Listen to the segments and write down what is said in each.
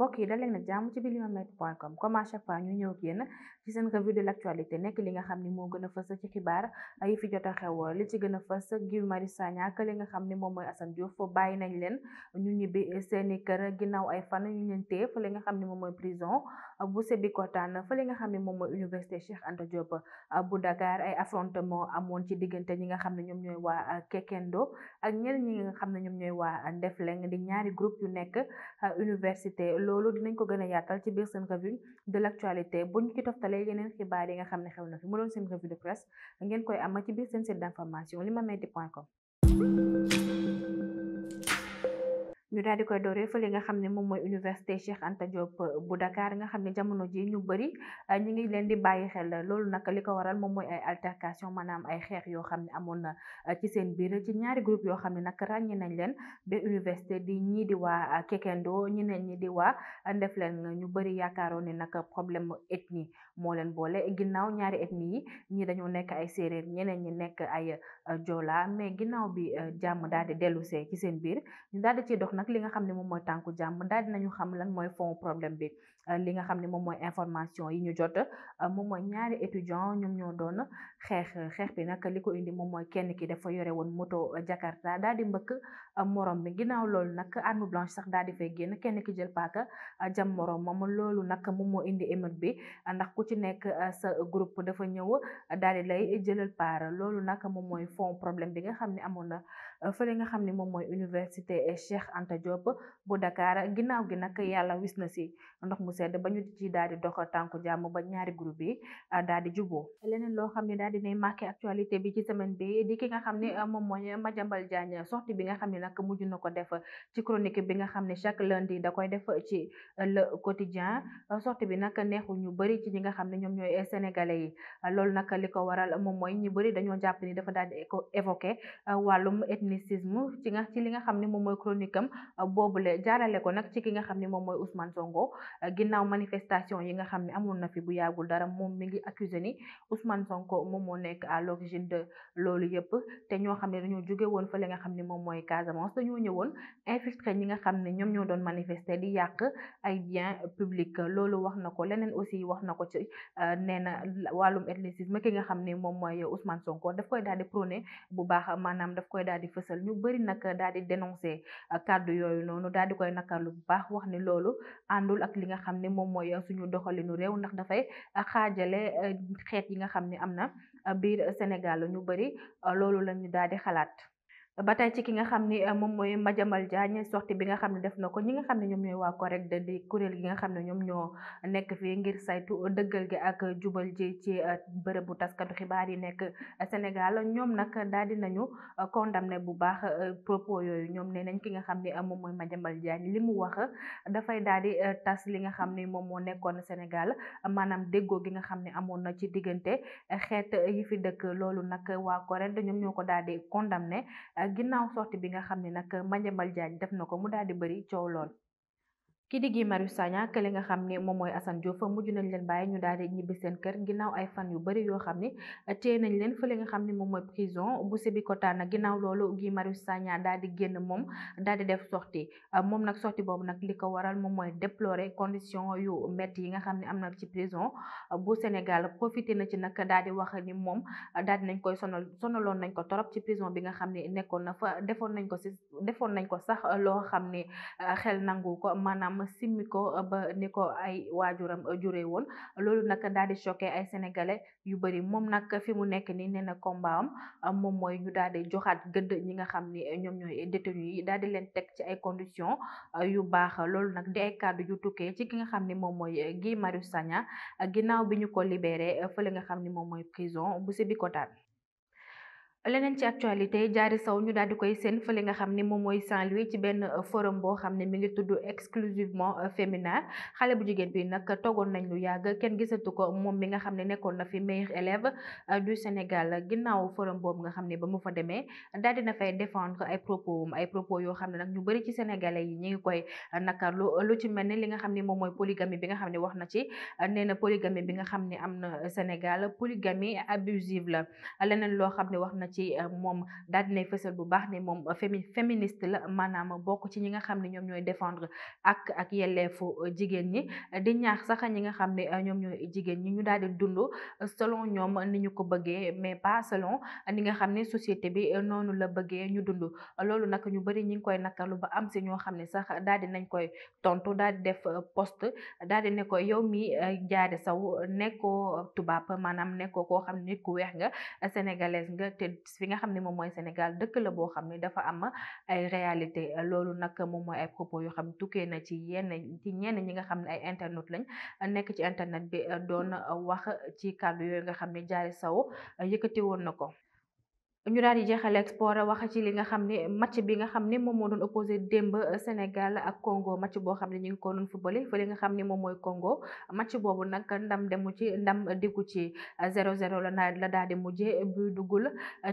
mbokk yi daleen nag jàmm ci bilimametti.com comme à chaque fois ñu ñëw ak ci seen revue de l'actualité nekk li nga xam ni moo a fës ci xibaar yi a xew a fës xam ni moom mooy Assane Diouf bàyyi nañ leen ñu ñibbi seeni kër ginnaaw ay fan ñu leen téye fa li nga xam ni moom mooy prison bu Sébikotane fa li nga xam ni moom mooy université Cheikh Anta Diop bu Dakar ay affrontement amoon ci diggante ñi nga xam ne ñoom ñooy wa waa Kekendo ak ñeneen ñi nga xam ne ñoom ñooy waa Ndefleng di ñaari groupe yu nekk université loolu dinañ ko gën a yaatal ci biir seen revue de l'actualité buñ ci toftalee yeneen xibaar yi nga xam ne xew na fi mu doon seen revue de presse ngeen koy am ci biir seen site d'information limametti point com ñu daal di koy dooree fële nga xam ne moom mooy université Cheikh Anta Diop euh, bu Dakar nga xam ne jamono ji ñu bëri euh, ñu ngi leen di bàyyi xel loolu nag li ko waral moom mooy ay altercation maanaam ay xeex yoo xam ne amoon na euh, ci seen biir ci ñaari groupe yoo xam ne nag ràññee nañ leen ba université di ñii di waa Kekendo ñeneen ñi di waa Ndefleng ñu bëri yaakaaroon ne nag problème ethnie moo leen boole ginnaaw ñaari ethnie yi ñii dañoo nekk ay séeréer ñeneen ñi nekk ay Joola mais ginnaaw bi jàmm daal di dellusee ci seen biir nag li nga xam ne moom mooy tànku jàmm daal dinañu xam lan mooy fond problème bi euh, li nga xam ne moom mooy information yi ñu jot euh, moom mooy ñaari étudiant ñoom ñoo doon xeex xeex bi nag li ko indi moom mooy kenn ki dafa yore woon moto Jakarta daal di mbëkk euh, morom bi ginnaaw loolu nag arme blanche sax daal di fay génn kenn ki jël paaka jam morom moom loolu nag moom moo indi émeute bi ndax ku ci nekk sa groupe dafa ñëw daal di lay jëlal loolu nag moom mooy fond bi nga xam ne amoon université Cheikh Anta Anta Diop bu Dakar ginnaaw gi nag yàlla wis na si ndox mu sedd ba ñu ci daal di dox tànku jàmm ba ñaari groupe yi ah, daal di juboo leneen loo xam ne daal dinay marqué actualité bi ci semaine bi di ki nga xam ne ah, moom mooy Madiambal Diagne bi nga xam ne nag mujj na ko def ci chronique bi nga xam ne chaque di da koy def ci le quotidien sortie bi nag neexul ñu bëri ci ñi nga xam ne ñoom ñooy sénégalais yi loolu nag li ko waral moom mooy ñu bëri dañoo jàpp dafa daal di ko évoqué ah, wàllum ethnicisme ci nga ci li nga xam ne moom mooy Euh, boobule jaarale ko nag ci ki nga xam ne moom mooy Ousmane Sonko euh, ginnaaw manifestation yi nga xam ne amoon na fi bu yàggul dara moom mi ngi accusé ni Ousmane Sonko moom moo nekk à l'origine de loolu yëpp te ñoo xam ne dañoo jóge woon fële nga xam ne moom mooy Casamance dañoo ñëwoon infiltré ñi nga xam ne ñoom ñoo doon manifester di yàq ay biens publics loolu wax na ko leneen aussi wax na ko ci euh, nee na wàllum ethnicisme ki nga xam ne moom mooy Ousmane Sonko daf koy daal di prôné bu baax maanaam daf koy daal di fësal ñu bëri nag daal di dénoncé kàddu kàddu yooyu noonu daal di koy nakarlu bu baax wax ni loolu àndul ak li nga xam ne moom mooy suñu doxalinu réew ndax dafay xaajale eh, xeet yi nga xam ne am na eh, biir Sénégal ñu bëri eh, loolu la daal di xalaat ba tey ci ki nga xam ni euh, moom mooy Madiambal Diagne sortie bi nga xam ne def na ko ñi nga xam ne ñoom ñooy waa CORED di kuréel gi nga xam ne ñoom ñoo nekk fii ngir saytu dëggal gi ak jubal ji ci euh, bërëbu taskatu xibaar yi nekk Sénégal ñoom nag daal di nañu euh, condamné bu baax propos yooyu ñoom nee nañ ki nga xam ni moom mooy Madiambal Diagne li mu wax dafay daal di tas li nga xam ni moom moo nekkoon Sénégal maanaam déggoo gi nga xam ne amoon na ci diggante xeet yi fi dëkk loolu nag waa CORED ñoom ñoo ko daal di condamné ginnaaw sortie bi nga xam ne nag Madiambal Diagne def na ko mu daal di bëri coow lool ki di Guy Marius Sagna ak li nga xam ne moom mooy Assane Diouf mujj nañ leen bàyyi ñu daal di ñibbi seen kër ginnaaw ay fan yu bëri yoo xam ne téye nañ leen fële nga xam ne moom mooy prison bu Sébikotane nag ginnaaw loolu Guy Marius Sagna daal di génn moom daal di def sortie moom nag sortie boobu nag li ko waral moom mooy déplorer condition yu métti yi nga xam ne am na ci prison bu Sénégal profité na ci nag daal di wax ni moom daal di nañ koy sonal sonaloon nañ ko torop ci prison bi nga xam ne nekkoon na fa defoon nañ ko si defoon nañ ko sax loo xam ne xel nangu ko maanaam maanaam simmi ko eh, ba ni ko ay waajuram eh, juree woon loolu nag daal di choqué ay sénégalais yu bëri moom nag fi mu nekk ni nee na combat am eh, moom mooy ñu daal di joxaat gëdd ñi nga xam ni ñoom ñooy détenu yi daal di leen teg ci ay conditions yu baax loolu nag di ay kàddu yu tukkee ci ki nga xam ni moom mooy Guy Marius Sagna ginnaaw bi ñu ko libéré fële nga xam ni moom mooy prison bu Sébikotane leneen ci actualité Diary Sow ñu daal di koy seen li nga xam ni moom mooy Saint-Louis ci benn euh, forum boo xam ne mi ngi tudd exclusivement euh, féminin xale bu jigéen bi nag toogoon nañ lu yàgg kenn gisatu ko moom mi nga xam ne nekkoon na fi meilleur élève euh, du Sénégal ginnaaw forum boobu nga xam ne ba mu fa demee daal dina fay défendre ay propos ay propos yoo xam ne nag ñu bëri ci sénégalais yi ñi ngi koy nakarlu lu ci mel ni li nga xam ne moom mooy polygamie bi nga xam ne wax na ci nee na polygamie bi nga xam ne am na Sénégal polygamie abusive la leneen xam ne wax na ci euh, moom daal dinay fësal bu baax ne moom euh, fémi féministe la maanaam bokk ci ñi nga xam ne ñoom ñooy défendre ak ak yelleefu euh, jigéen ñi di ñaax sax ñi nga xam ne ñoom ñooy jigéen ñi ñu daal di dund selon ñoom ni ñu ko bëggee mais pas salon ni nga xam ne société bi noonu la bëggee ñu dund loolu nag ñu bëri ñi ngi koy nakalu ba am si ñoo xam ne sax daal di nañ koy tontu daal di def poste daal di ne ko yow mi jaare saw nekkoo tubaab maanam nekkoo koo xam ne ku weex nga sénégalaise nga te it fi nga xam ne moom mooy Sénégal dëkk la boo xam ni dafa am ay réalité loolu nag moom mooy ay propos yoo xam ne tukkee na ci yenn ci ñenn ñi nga xam ne ay internet lañ nekk ci internet bi doon wax ci kàddu yooyu nga xam ne Diary Sow yëkkati woon na ko ñu daal di jeexale sport wax ci li nga xam ne match bi nga xam ne moom moo doon opposé démb Sénégal a Congo match boo xam ne ñu ko doon footballé fa nga xam ne moom mooy Congo match boobu nag ndam demu ci ndam diggu ci 0-0 la naa la daal di mujjee bu duggul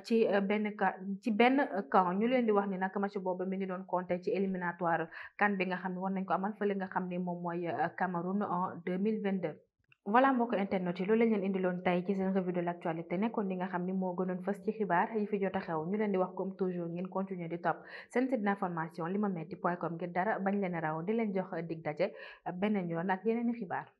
ci benn ka ci benn camp ñu leen di wax ni nag match boobu mi ngi doon conté ci éliminatoire kan bi nga xam ne war nañ ko amal fa li nga xam ne moom mooy mille vingt 2022 wala mbokk internet yi loolu lañ leen indiloon tey ci seen revue de l' ne nekkoon li nga xam ni moo gënoon fës ci xibaar yi fi jot a xew ñu wax comme toujours ngeen continuer di topp seen site d' information limametti point com ngir dara bañ leen raw di leen jox dig daje beneen yoon ak yeneen i